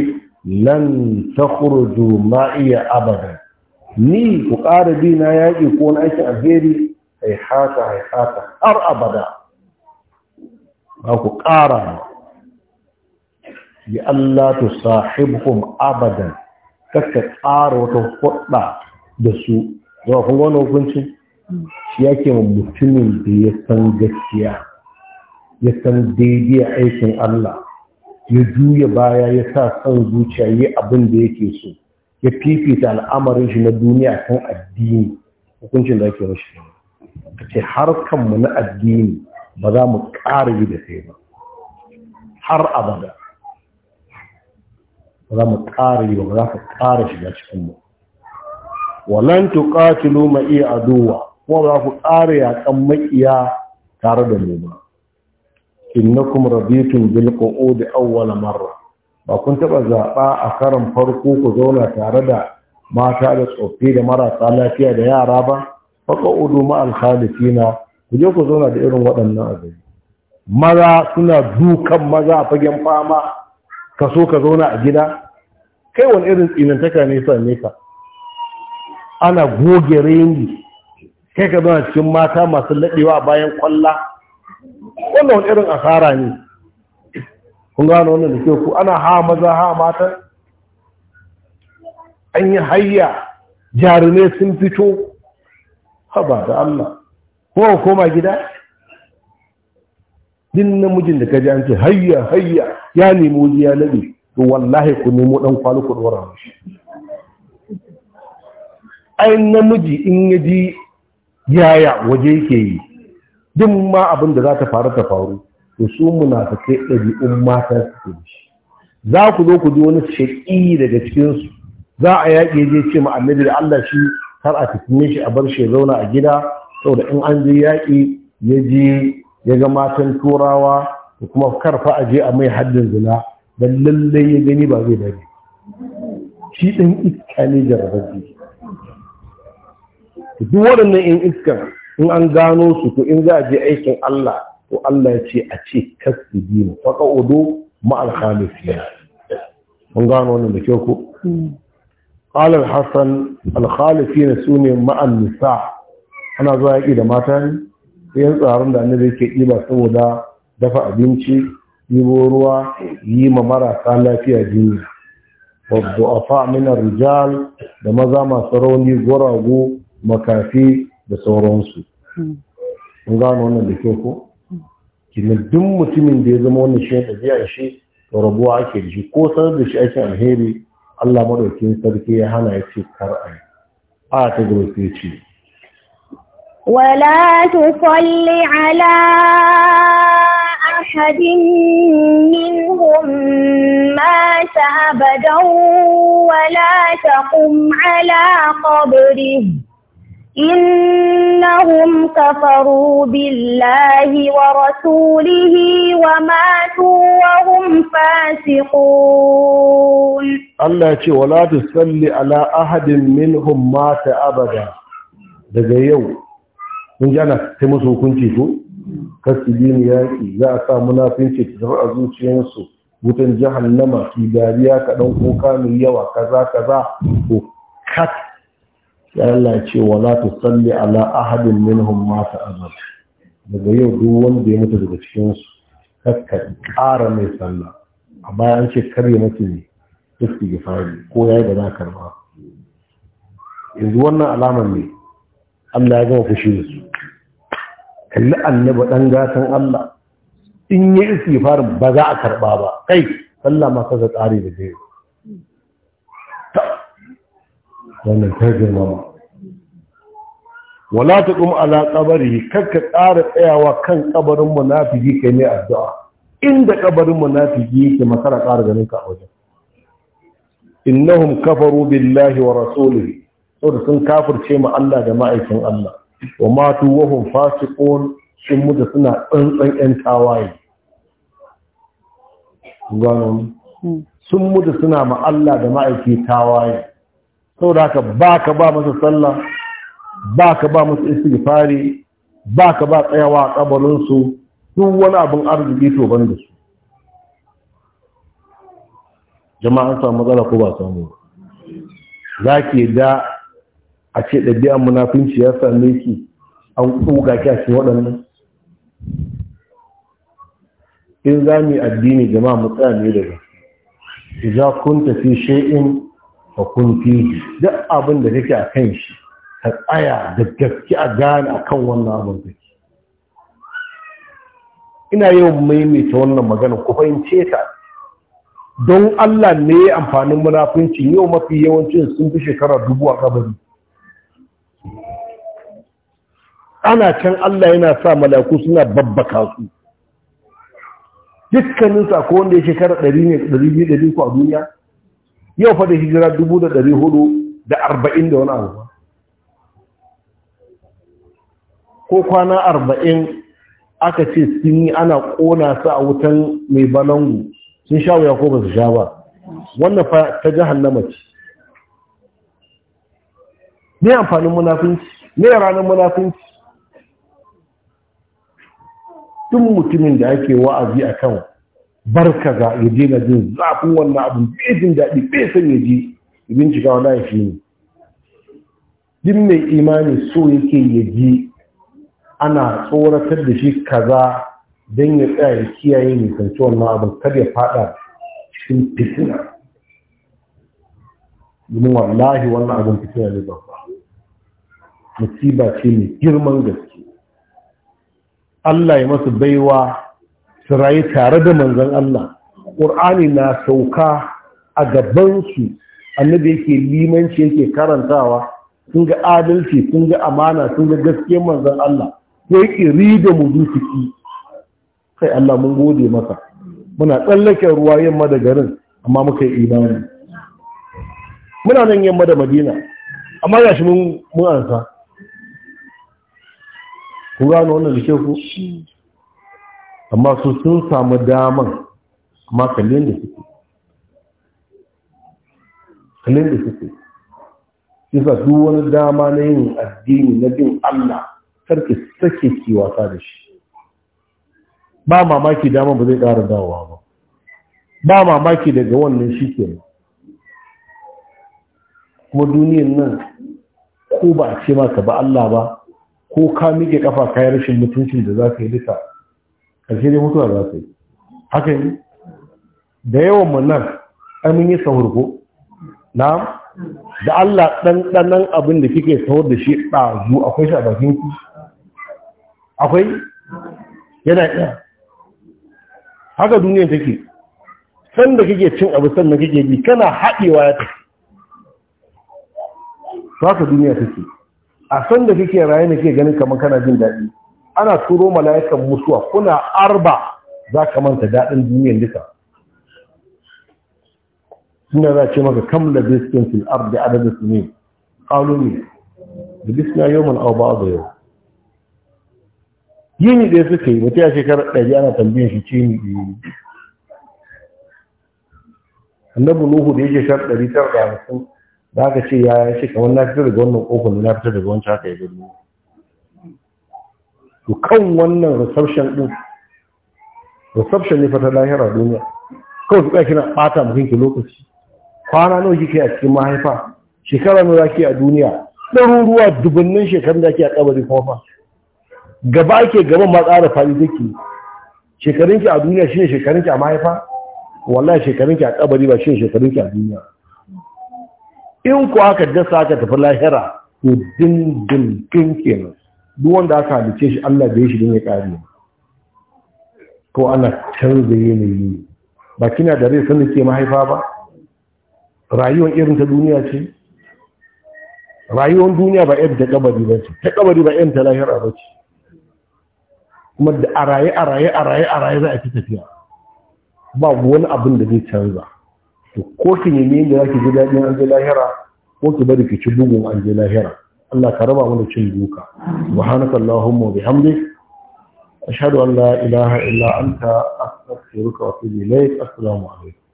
lan takhruju ma'iya abada ni ku ƙara bi na yaƙi ko wani aikin alheri haihata haihata har abada ba ku ƙara ba bi Allah tu sahibhum abadan kaka tsara wata hudda da su zuwa kun wani hukuncin shi yake mutumin da ya san gaskiya ya san daidai aikin Allah ya juya baya ya sa son zuciya yi abin da yake so ya fifita al'amarin shi na duniya kan addini hukuncin da ake rashi ka ce har kanmu na addini ba za mu ƙara yi da sai ba har abada za mu ƙara yi ba za ka ƙara shiga cikin Wannan walan tuqatilu iya aduwa kuma ba ku ƙara yaƙan maƙiya tare da mu ba innakum rabitun bil qu'ud awwal marra ba kun taɓa zaɓa a karan farko ku zauna tare da mata da tsoffi da marasa lafiya da yara ba fa udu ma khalifina ku je ku zauna da irin waɗannan abin maza suna dukan maza fagen fama ka so ka zauna a gida kai wani irin tsinantaka ne a ka ana goge rengi. kai ka zauna cikin mata masu laɗewa bayan kwalla wanda wani irin asara ne kun gano wannan da ke ku ana ha maza ha mata an yi hayya jarumai sun fito ba da Allah kuma koma gida din namijin da kaji an ce hayya hayya ya nemi wuri ya nabi to wallahi ku nemo dan kwalu ku dora shi ai namiji in ya ji yaya waje yake yi din ma abin da za ta faru ta faru to su munafikai ɗabi'un mata su ke shi za ku zo ku ji wani shaki daga cikinsu za a yaƙi je ce ma annabi da Allah shi har a fitine shi a bar shi ya zauna a gida saboda in an je yaƙi ya je ya ga matan turawa da kuma karfa a je a mai haddin zina dan lallai ya gani ba zai bari shi ɗin iska ne jarababbi duk waɗannan in iskar in an gano su to in za a je aikin Allah to Allah ya ce a ce kasbi ne faka odo ma'al khamisiya mun gano wannan da kyau ko qala al-hasan ma'an nisa ana zuwa yaki da mata yan tsaron da annabi yake ɗiba saboda dafa abinci ɗibo ruwa yi ma marasa lafiya jini wadda min rijal da maza masu rauni Gwarago makafi da sauransu sun gano wannan da kyau ko kini duk mutumin da ya zama wani shi ɗabi'a shi to rabuwa ake da shi ko sanar da shi aikin alheri Allah maɗaukin sarki ya hana ya ce kar a ta gurfe ce ولا تصل على أحد منهم مات أبدا ولا تقم على قبره إنهم كفروا بالله ورسوله وماتوا وهم فاسقون الله يقول ولا تصل على أحد منهم مات أبدا هذا yau mun ji ana sai musu hukunci ko kasu dini yaƙi za a sa munafinci ta tafi a zuciyarsu wutan jahannama ki dariya kaɗan ko kanu yawa kaza kaza ko kat ya Allah ce wa la tusalli ala ahadin minhum mata azab daga yau duk wanda ya mutu daga cikinsu kakka ƙara mai sallah a bayan ce karya mutu ne istighfari ko yayi da za ka karba yanzu wannan alamar ne Allah ya gama fushi da su kalli annabi dan gasan Allah in ya istighfar ba za a karba ba kai Allah ma kaza tsari da zai wannan ta girmama wala taqum ala qabri kakka tsara tsayawa kan kabarin munafiki kai ne addu'a inda kabarin munafiki yake masara ƙara ganin ka a wajen innahum kafaru billahi wa rasulihi saboda sun kafirce ma Allah da ma'aikin Allah wa matu wa hum sun muda suna tsantsan yan tawaye gano hmm. sun muda suna ma Allah da ma'aiki tawaye saboda haka baka ba masa sallah baka ba masa istighfari baka ba tsayawa a kabarin su duk wani abin arziki to ban da su jama'an samu matsala ko ba samu za ki da a ce ɗabi'an munafinci ya same ki an tsoga ki a cikin waɗannan in za mu yi addini jama'a mu tsaya ne daga za kun tafi shay'in a kun fi duk abin da kake a kan shi ka tsaya da gaske a gane a kan wannan abin da ke ina yawan maimaita wannan magana ku fahimce ta don Allah ne amfanin munafunci yau mafi yawancin sun fi shekara dubu a kabari ana can Allah yana sa malaku suna babbaka su dukkanin sako wanda ya shekara 100 ne 200 ko a duniya yau fa da hijira 1440 da wani abu ko kwana 40 aka ce sun yi ana kona su a wutan mai balangu sun sha wuya ko ba su sha ba wannan fa ta jahannama ce me amfanin munafinci me ranar munafinci duk mutumin da ake wa'azi a kan akan barkaza ya daina jin zafin wannan abin bai jin daɗi bai san ya ji bincika wani ya shi ne duk mai imani so yake ya ana tsoratar da shi kaza don ya tsaya ya kiyaye mai kanci wannan abin kar ya fada cikin fitina domin wallahi wannan abin fitina ne babba musiba ce mai girman gaske Allah ya masu baiwa su rayu tare da manzan Allah ƙur'ani na sauka a gabansu annabi yake limanci yake karantawa sun ga adalci sun ga amana sun ga gaskiyar manzan Allah ko yake rida mu zuciki kai Allah mun gode masa muna tsallaken ruwa yamma da garin amma muka yi imani muna nan yamma da madina amma gashi shi mun ansa kun gano wannan da ke ku amma su sun samu daman amma kallon da suke kallon da suke isa duk wani dama na yin addini na bin Allah karki sake ki wasa da shi ba mamaki dama ba zai ƙara dawowa ba ba mamaki daga wannan shi ke kuma duniyan nan ko ba a ce maka ba Allah ba ko ka miƙe kafa kayan rashin mutuncin da za ka yi duka ƙarshe dai mutuwa za ka yi haka yi da yawan mu nan amin yi sahurko na da Allah ɗanɗanan abin da kike sahur da shi ɗazu akwai shi a bakin ku akwai yana ɗaya haka duniya take sanda kike cin abu sanda kike bi kana haɗewa ya tafi ka duniya take a san da kake raye ne ke ganin kamar kana jin daɗi ana turo mala'ikan mutuwa kuna arba za ka manta daɗin duniyar duka suna za ce maka kam da biskin fil ardi adadin su ne ƙalumi da bisna yau man au ba da yau yini ɗaya suka yi mutu ya shekarar ɗari ana tambayin shi ce ni ɗaya annabi nuhu da yake shar 950 da aka ce ya ya ce kamar na fitar daga wannan kofar na fitar daga wancan haka ya gudu to kan wannan reception din reception ne fata lahira duniya kawai su kaki na bata mutum ki lokaci kwana nawa kike a cikin mahaifa shekara nawa kike a duniya ɗaruruwa dubunnin shekarun da ke a kabari kuma fa gaba ke gaban ma tsara fari take shekarunki a duniya shine shekarunki a mahaifa wallahi shekarunki a kabari ba shine shekarunki a duniya in ku aka dasa aka tafi lahira to dindindin kenan duk wanda aka halice shi Allah bai shi din ya kare ko ana canza yanayi ba kina da rai sanin ke mahaifa ba rayuwar irin ta duniya ce rayuwar duniya ba irin ta kabari ba ce ta kabari ba irin ta lahira ba ce kuma da a raye a raye a raye a raye za a fi tafiya ba wani abin da zai canza ko ki nemi inda zaki ji daɗin an je lahira ko ki bari ki ci bugun an je lahira Allah ka raba mana cin duka subhanaka allahumma bihamdik ashhadu an la ilaha illa anta astaghfiruka wa atubu ilayk assalamu alaikum